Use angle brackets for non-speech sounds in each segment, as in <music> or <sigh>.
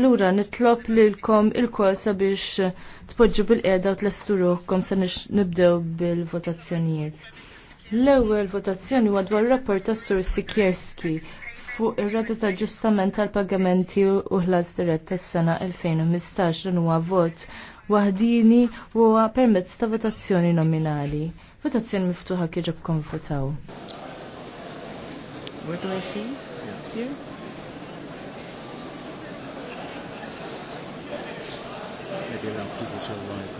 Lura nitlob lilkom il-kol sabiex tpoġġu bil-qeda u tlestu ruħkom sa nibdew bil-votazzjonijiet. L-ewwel votazzjoni huwa dwar rapport tas Sur Sikierski fuq ir-rata ta' ġustament tal-pagamenti u ħlas dirett tas-sena 2015 dan huwa vot waħdini u huwa permezz ta' votazzjoni nominali. Votazzjoni miftuħa kieġobkom konfutaw. Where do I see? Here? figure out people's whole life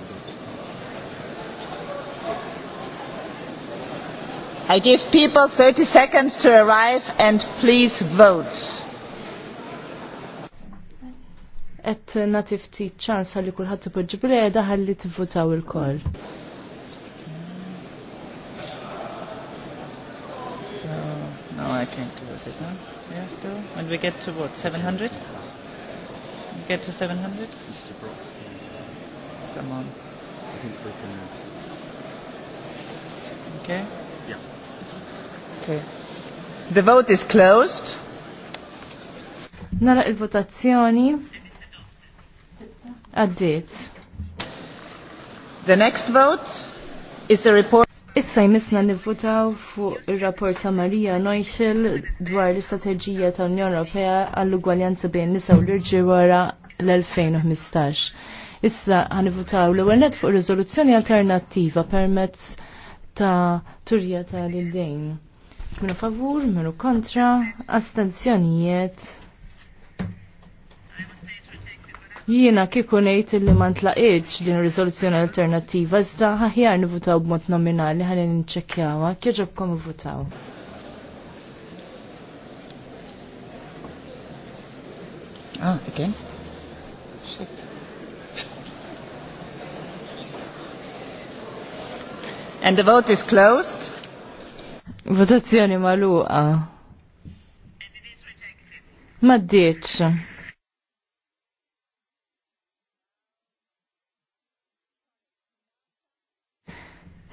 I give people 30 seconds to arrive and please vote. Et nati ftit ċans għalli kullħat tipoġġi bil-għeda għalli tivvotaw il-koll. So, now I can close it, huh? Yeah, still? When we get to what, 700? We get to 700? Mr. Brooks, yeah. Come uh, Okay? Yeah. Okay. The vote is closed. Nara il-votazzjoni. Addit. The next vote is a report. Issa jmissna nivvotaw fuq il-rapport ta' Marija Neuschel dwar l-istrateġija tal-Unjoni Ewropea għall-ugwaljanza bejn nisa u l irġi wara l-2015. Issa ħanivutaw l-ewwel net fuq riżoluzzjoni alternattiva permezz ta' turja ta' l-dejn. Minu favur, minu kontra, astenzjonijiet. Jiena kieku ngħid li ma ntlaqiġ din riżoluzzjoni alternattiva, iżda aħjar nivutaw b'mod nominali ħalli nċekkjawha, kieġobkom ivvutaw. Ah, against? And the vote is closed. Votazzjoni maluqa. Ma d-dieċ.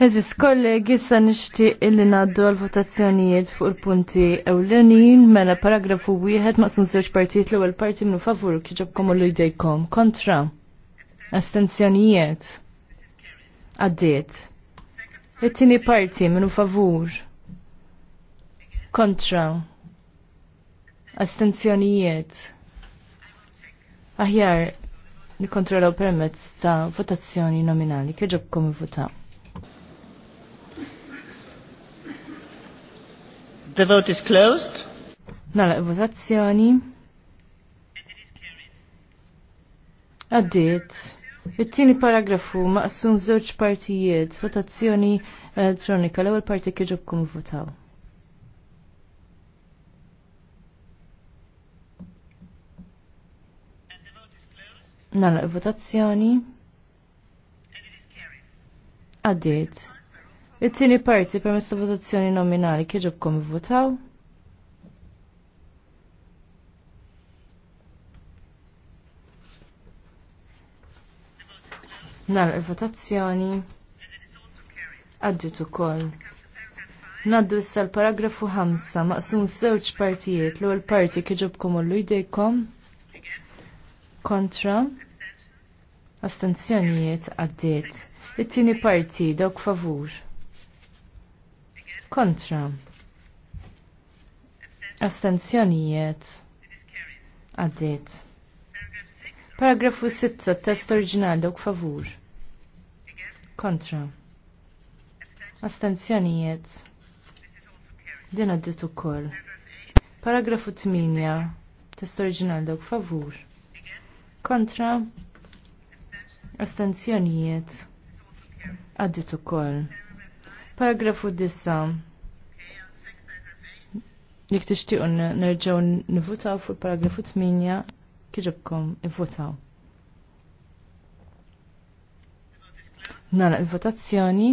Eżis kollegi sa nixtieq illi ngħaddu għal-votazzjonijiet fuq il-punti ewlenin mela paragrafu wieħed maqsum żewġ partijiet l-ewwel parti minnu favur kieġobkom l jdejkom. Kontra. Astenzjonijiet. Għaddiet it-tini parti minu favur kontra astenzjonijiet aħjar nikontrollaw permezz ta' votazzjoni nominali kieġobkom votaw. The vote is closed. Nala votazzjoni. Għaddiet. It-tieni paragrafu maqsum żewġ partijiet, votazzjoni elettronika, l-ewwel parti kum votaw. Nalla, votazzjoni. Għaddiet. It-tieni parti permess votazzjoni nominali kieġobkom kum votaw. Nar il-votazzjoni għaddit ukoll. Naddu issa l-paragrafu 5 maqsum żewġ partijiet l ewwel parti kieġobkom ullu jdejkom kontra astenzjonijiet għaddit. It-tieni parti dawk favur. Kontra. Astenzjonijiet għaddit. Paragrafu 6, test oriġinali, dawk favur. Kontra. Astenzjonijiet. Din għaddit ukoll. Paragrafu 8, test oriġinali, dawk favur. Kontra. Astenzjonijiet. Għaddit ukoll. Paragrafu 9. Jek tixtiequ nerġgħu nivutaw fuq paragrafu 8 kieġibkom ivvotaw. Nara il-votazzjoni.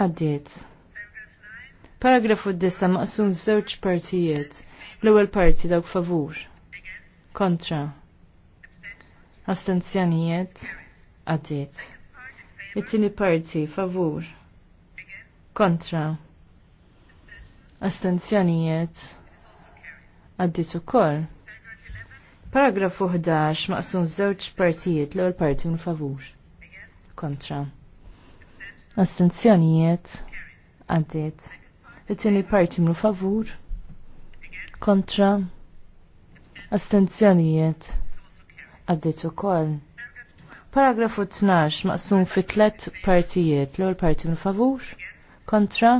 Għaddiet. Paragrafu d-dissa maqsum żewġ partijiet. L-ewwel parti dawk favur. Kontra. Astenzjonijiet. Għaddiet. It-tieni parti favur. Kontra. Astenzjonijiet għaddi ukoll. Paragrafu 11 maqsum żewġ partijiet l-ewwel parti minn favur. Kontra. Astenzjonijiet għaddiet. It-tieni parti minn favur. Kontra. Astenzjonijiet għaddiet ukoll. Paragrafu 12 maqsum fi tlet partijiet l-ewwel parti minn favur. Kontra.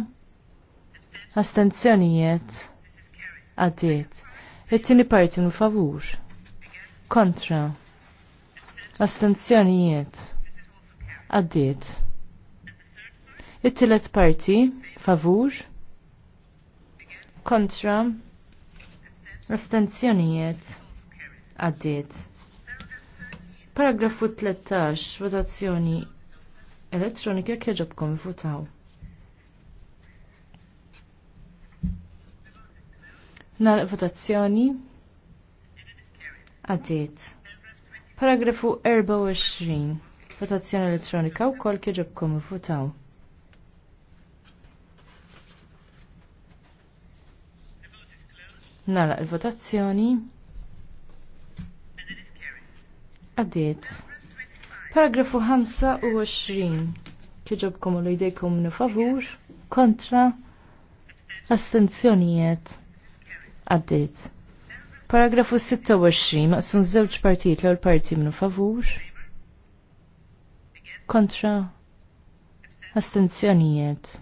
Astenzjonijiet għaddiet it-tieni parti mu favur. Kontra. Astenzjonijiet. Addiet. It-tielet parti favur. Kontra. Astenzjonijiet. Addiet. Paragrafu 13, votazzjoni elettronika kieġobkom votaw. Nal votazzjoni. Għaddiet. Paragrafu 24. Votazzjoni elettronika u kol kieġobkom votaw. Nalaq il-votazzjoni. Għaddiet. Paragrafu 25. Kieġobkom u l-idejkom favur, kontra, astenzjonijiet. Għaddit. Paragrafu 26, maqsum żewġ partijiet l għol parti minnu favur. Kontra. Astenzjonijiet.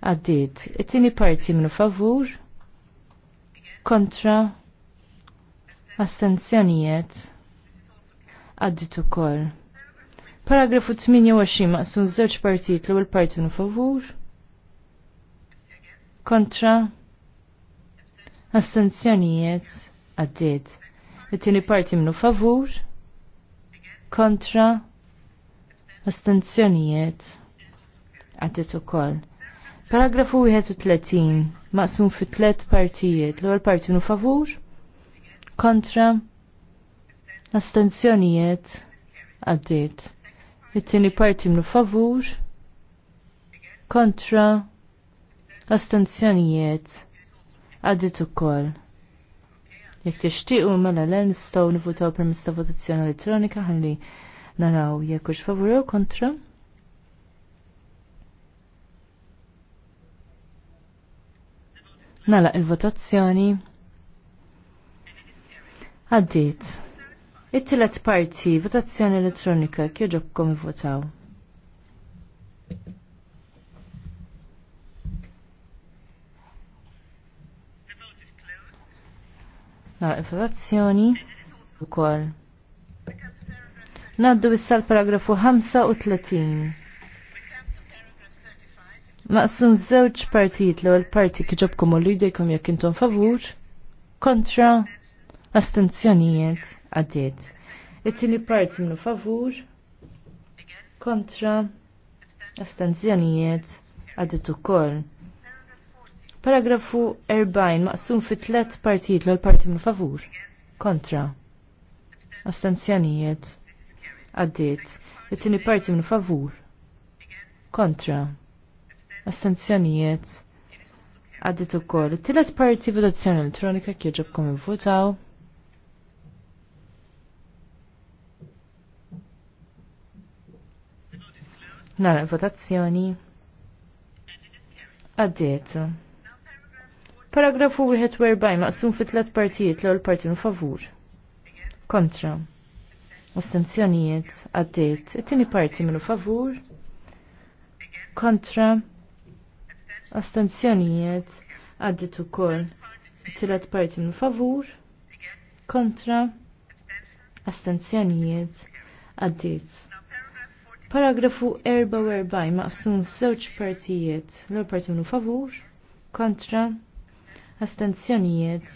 Għaddit. It-tieni parti minnu favur. Kontra. Astenzjonijiet. Għaddit ukoll. Paragrafu 28 maqsum żewġ partijiet l għol parti minnu favur. Kontra Astanzjonijiet għaddiet. It-tieni parti minnu favur kontra astenzjonijiet u ukoll. Paragrafu 31 maqsum fi tliet partijiet. L-ewwel parti minnu favur kontra astenzjonijiet għaddit. It-tieni parti minnu favur kontra għaddit għaddit ukoll. Jekk tixtiequ mela l nistgħu nifutaw per ta' votazzjoni elettronika ħalli naraw jekk hux favur jew kontra. Nala mela, il-votazzjoni. Għaddit. It-tielet parti, votazzjoni elettronika, kieġobkom votaw. Nara informazzjoni votazzjoni Ukoll. Naddu issa l-paragrafu 35. Maqsum żewġ partijiet l-ewwel parti kiġobkom u jdejkom jekk intom favur, kontra astenzjonijiet għaddiet. It-tieni parti minnu favur, kontra astenzjonijiet għaddiet ukoll. Paragrafu 40 maqsum fi tlet partijiet l parti minn favur. Kontra. Astanzjanijiet. Għaddit. It-tieni parti minn favur. Kontra. Astanzjanijiet. Għaddit u koll. Tilet parti votazzjoni elettronika kom votaw. Nara votazzjoni. Għaddit. Paragrafu 41 maqsum fit tlet partijiet l-ewwel parti favur. Kontra. Astenzjonijiet għaddejt. It-tieni parti minnu favur. Kontra. Astenzjonijiet għaddiet ukoll. It-tielet parti minnu favur. Kontra. Astenzjonijiet għaddiet. Paragrafu 44 maqsum f'żewġ partijiet l-ewwel parti minnu favur. Kontra astenzjonijiet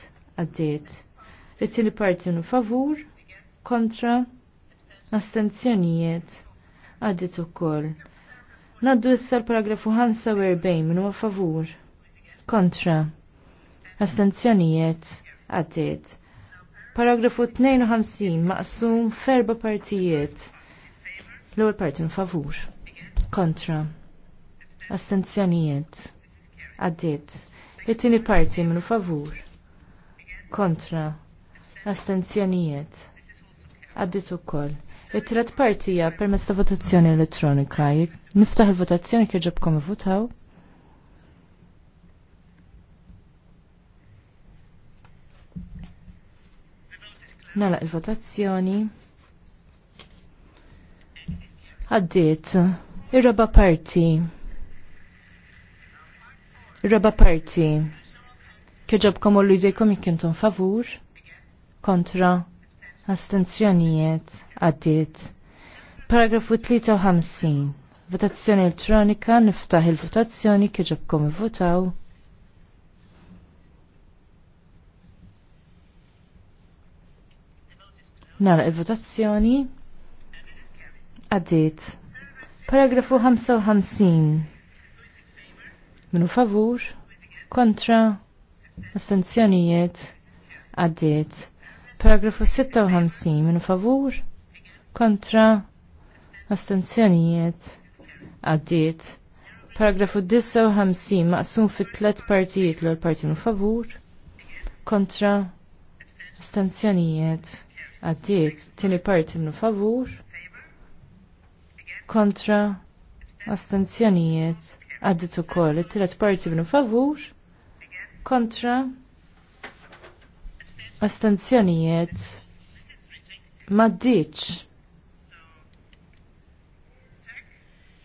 għaddiet. Rittin li parti nu favur kontra astenzjonijiet għaddiet ukoll. Naddu issa l-paragrafu 45 minn huwa favur kontra astenzjonijiet għaddiet. Paragrafu 52 maqsum ferba partijiet. L-ewwel parti favur kontra astenzjonijiet għaddiet It-tieni parti minnu favur. Kontra. Astenzjonijiet. Għaddit ukoll. It-tret partija permezz ta' votazzjoni elettronika. Niftaħ il-votazzjoni kif ġobkom votaw. Nala il-votazzjoni. Għaddit. Ir-raba parti. Reba parti. Kieġobkom u l-idejkom jikintum favur, kontra, astenzjonijiet, għaddiet. Paragrafu 53. Votazzjoni elettronika, niftaħ il-votazzjoni kieġobkom votaw. Nara il-votazzjoni. Għaddiet. Paragrafu 55. Minu favur, kontra, astenzjonijiet, għaddiet. Paragrafu 56, minu favur, kontra, astenzjonijiet, għaddiet. Paragrafu 59, maqsum fit tlet partijiet l parti minu favur, kontra, astenzjonijiet, għaddiet. Tini parti minu favur, kontra, astenzjonijiet, għaddit ukoll it tret parti minu favur kontra astenzjonijiet ma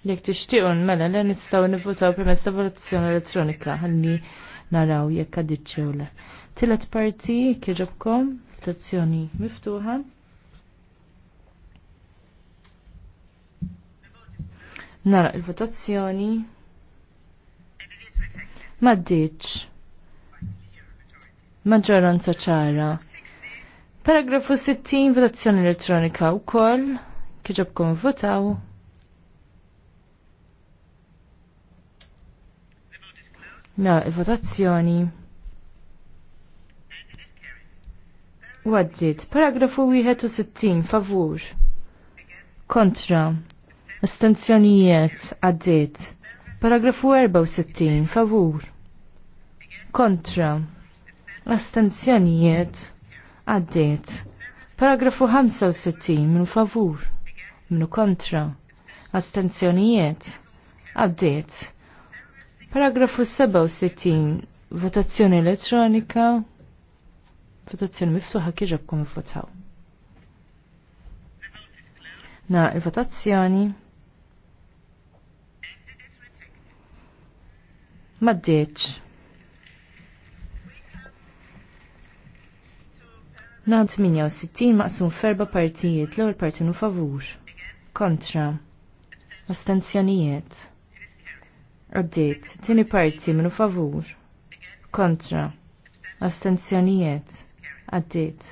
Jek t-ixtiqun mela li nistgħu nivvutaw permezz ta' votazzjoni elettronika ħalli naraw jekk għaddiċċew le. Tilet parti kieġobkom votazzjoni miftuħa. Nara il-votazzjoni maddiċ. Maġġoranza ċara. Paragrafu 60, votazzjoni elettronika u koll, kħiġobkom votaw. Na, il-votazzjoni. għadġit, paragrafu 61, favur. Kontra. Astenzjonijiet, għadġiet. Paragrafu 64, favur. Kontra. Astenzjonijiet għaddiet. Paragrafu 65, minu favur. Minu kontra. Astenzjonijiet għaddiet. Paragrafu 67, votazzjoni elettronika. Votazzjoni miftuħa kieġabkom votaw. Na, il-votazzjoni. Maddeċ. Nad 68 maqsum ferba partijiet l ewwel partinu favur. Kontra. Astenzjonijiet. Għaddit, tini parti minu favur. Kontra. Astenzjonijiet. Għaddit.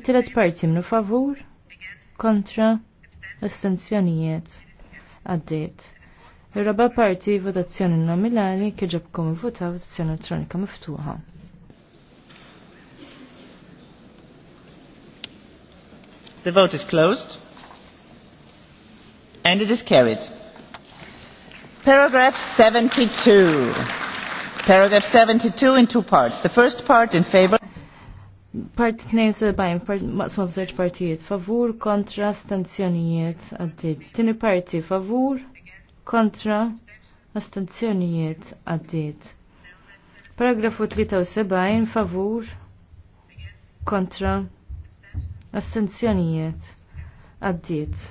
It-tielet parti minu favur. Kontra. Astenzjonijiet. Għaddit. Ir-raba parti votazzjoni nominali kieġobkom votaw votazzjoni elettronika miftuħa. The vote is closed. And it is carried. Paragraph 72. Paragraph 72 in two parts. The first part in favor. Part 72, part, maqsum f'żewġ partijiet. Favur kontra stanzjonijiet għaddit. Tini parti favur kontra astenzjonijiet għaddiet. Paragrafu 73 favur kontra astenzjonijiet għaddiet.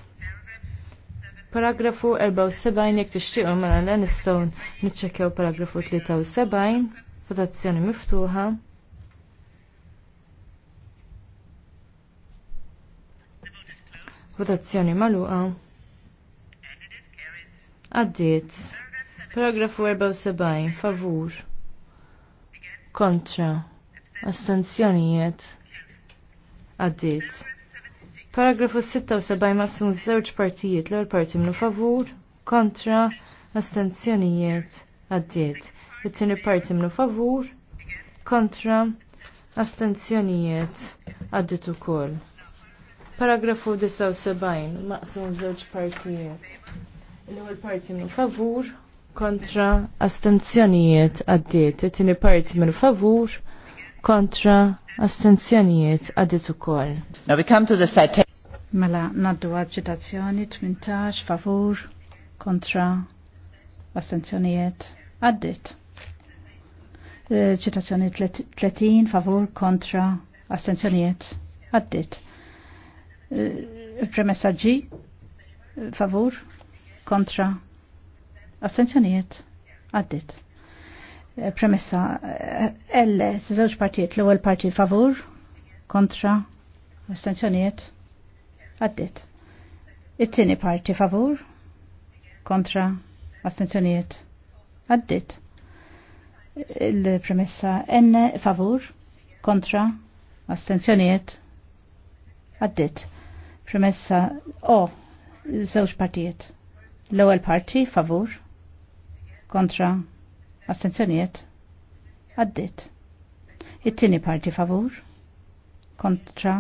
Paragrafu 74 jek tixtiequ mela l nistgħu niċċekkjaw paragrafu 73 votazzjoni miftuħa. Votazzjoni maluqa. Għaddiet. Paragrafu 74. Favur. Kontra. Astenzjonijiet. Għaddiet. Paragrafu 76 massimu żewġ partijiet l-ewwel parti minnu favur, kontra, astenzjonijiet, għaddiet. It-tieni parti minnu favur, kontra, astenzjonijiet, għaddiet ukoll. Paragrafu 79 Massimu żewġ partijiet. L-ewwel parti minn favur kontra astenzjonijiet għaddiet, it-tieni parti minn favur kontra astenzjonijiet għaddiet ukoll. Now we come to the citation. Mela naddu għadġitazzjoni 18 favur kontra astenzjonijiet għaddiet. Eh, ċitazzjoni 30 favur kontra astenzjonijiet għaddiet. Eh, Premessa G, favur, kontra astenzjonijiet għaddit. Eh, premessa, elle, eh, żewġ partijiet, l-ewwel parti favur, kontra, astenzjonijiet, għaddit. It-tieni parti favur, kontra, astenzjonijiet, għaddit. Il-premessa, N favur, kontra, astenzjonijiet, għaddit. Premessa, o, żewġ partijiet, L-ewwel parti favur kontra astenzjonijiet għaddit. It-tieni parti favur kontra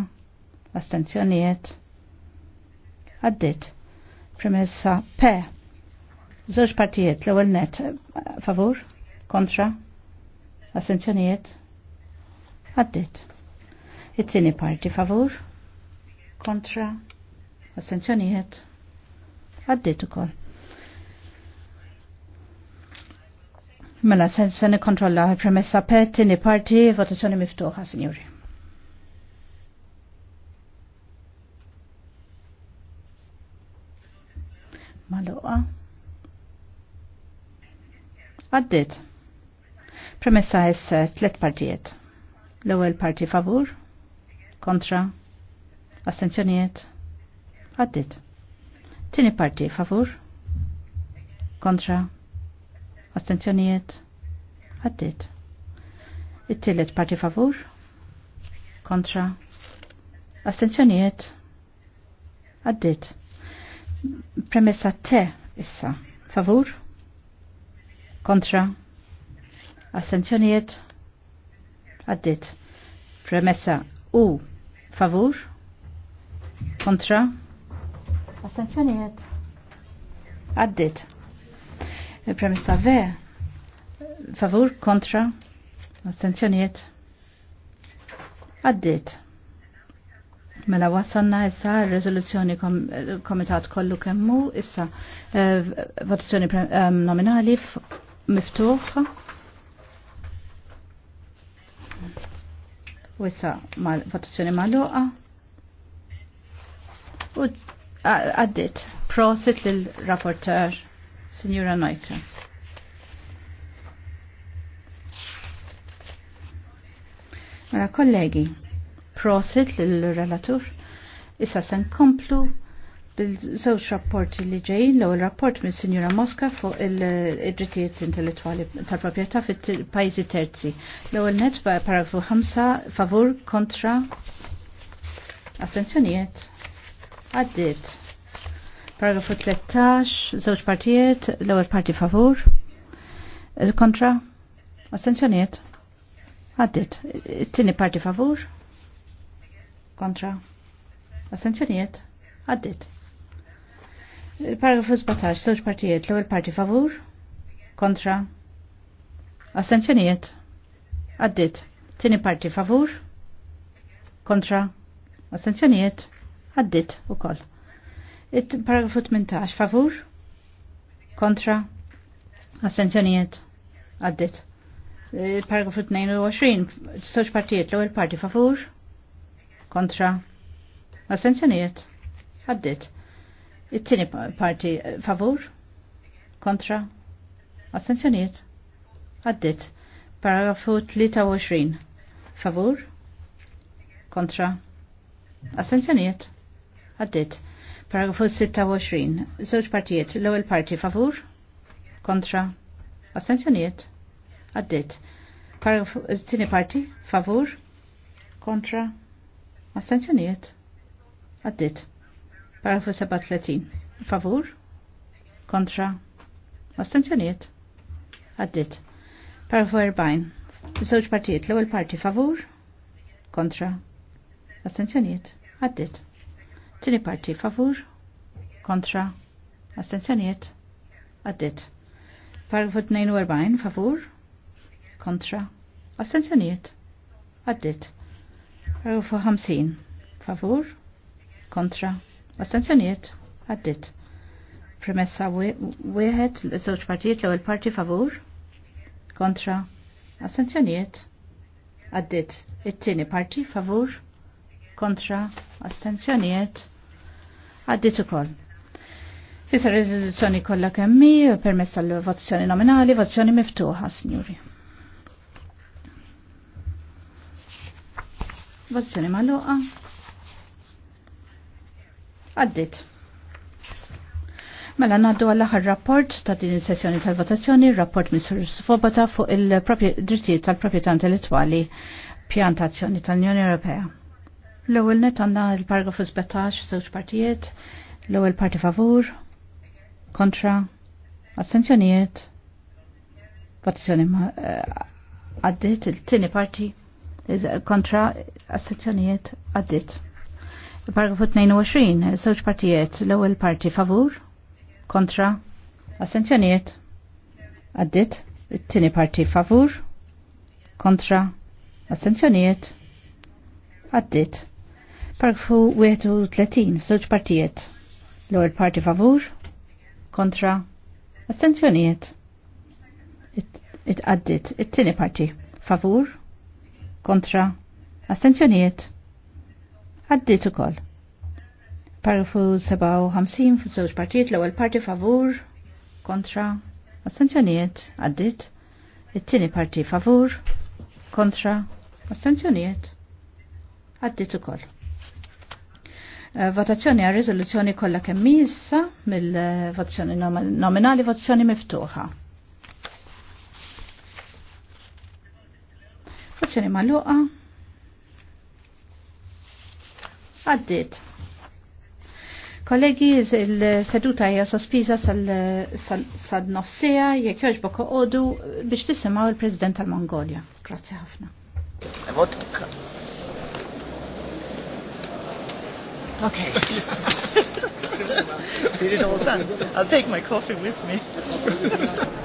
astenzjonijiet għaddit. Premessa P. Żewġ partijiet l-ewwel net favur kontra astenzjonijiet għaddit. It-tieni parti favur kontra astenzjonijiet Għaddit ukoll. Mela, sen sen kontrolla premessa pet, ni parti, votazzjoni miftuħa, signori. Maluqa. Għaddit. Premessa jess tlet partijiet. L-ewel parti favur, kontra, astenzjonijiet, għaddit. Tini parti, favur? Kontra? Astenzjonijiet? Għaddit. It-tillet parti favur? Kontra? Astenzjonijiet? Għaddit. Premessa te issa. Favur? Kontra? Astenzjonijiet? Għaddit. Premessa u favur? Kontra? Astenzjonijiet. Għaddit. Premessa V. Favur, kontra. Astenzjonijiet. Għaddit. Mela wasanna issa r-rezoluzzjoni komitat kollu kemmu issa eh, votazzjoni eh, nominali miftuħ. U issa votazzjoni maluqa. U għaddit. Prosit l-rapporter, Signora Neuka. Mela kollegi, prosit l-relatur, issa sen komplu bil-żewġ rapporti li ġejjin l-ewwel rapport minn Sinjura Mosca fuq il-drittijiet intellettwali tal-proprjetà fit-pajjiżi terzi. L-ewwel net paragrafu 5 favur kontra astenzjonijiet Għaddit. Paragrafu 13, żewġ partijiet, l-ewwel parti favur. Kontra? Astenzjoniet? Għaddit. It-tieni parti favur. Kontra? Astenzjoniet? Għaddit. paragrafu 17, żewġ partijiet, l-ewwel parti favur. Kontra? Astenzjoniet? Għaddit. Tieni parti favur. Kontra? Astenzjoniet? għaddit u koll. Paragrafu 18, favur, kontra, assenzjonijiet, għaddit. E, paragrafu 22, soċ partijiet l għol parti favur, kontra, assenzjonijiet, għaddit. It-tini parti favur, kontra, assenzjonijiet, għaddit. Paragrafu 23, favur, kontra, assenzjonijiet, Għaddit. Paragrafu 26. Zewġ partijiet. L-ewwel parti favur? Kontra? Astenzjonijiet? Għaddit. Paragrafu eh, tieni parti favur? Kontra? Astenzjonijiet? Għaddit. Paragrafu 37. Favur? Kontra? Astenzjonijiet? Għaddit. Paragrafu 40. Zewġ partijiet. L-ewwel parti favur? Kontra? Astenzjonijiet? Għaddit. Tini parti favur, kontra, astenzjoniet, għaddit. Paragrafu 42 favur, kontra, astenzjoniet, għaddit. Paragrafu 50 favur, kontra, astenzjoniet, għaddit. Premessa wieħed l-żewġ partijiet l-ewwel parti favur, kontra, astenzjoniet, għaddit. It-tieni parti favur, kontra, astenzjoniet, Għaddit ukoll. Issa rezoluzzjoni kollha kemmi permezz tal-votazzjoni nominali, votazzjoni miftuħa, Sinjuri. Votazzjoni magħluqa. Għaddit. Mela naddu għall aħħar rapport ta' din sessjoni tal-votazzjoni, rapport Sir Svoboda fuq il-drittijiet tal-proprjetà intellettwali pjantazzjoni tal-Unjoni Ewropea. L-ewwel net għandna l-paragrafu 17 żewġ partijiet, l-ewwel parti favur, kontra, astenzjonijiet, votazzjoni eh, għaddit, il-tieni parti kontra astenzjonijiet għaddit. Paragrafu 22, żewġ partijiet, l-ewwel parti favur, kontra, assenzjonijiet, għaddit, it-tieni parti favur, kontra, assenzjonijiet, għaddit. Parfu 31 f'żewġ partijiet. L-ewwel parti favur, kontra, astenzjonijiet. Itqaddit it it-tieni parti favur, kontra, astenzjonijiet. Għaddit ukoll. Paragrafu 57 f'żewġ partijiet l-ewwel parti favur, kontra, astenzjonijiet. Għaddit it-tieni parti favur, kontra, astenzjonijiet. Għaddit ukoll. Eh, votazzjoni għal riżoluzzjoni kollha kemm issa mill-votazzjoni nominali votazzjoni miftuħa. Votazzjoni magħluqa. Għaddiet. Kollegi, il-seduta hija sospiża sal-nofsija jekk jogħġbok oqogħdu biex tisimgħu il-President tal-Mongolja. Grazzi ħafna. Okay. <laughs> Did it all done. I'll take my coffee with me. <laughs>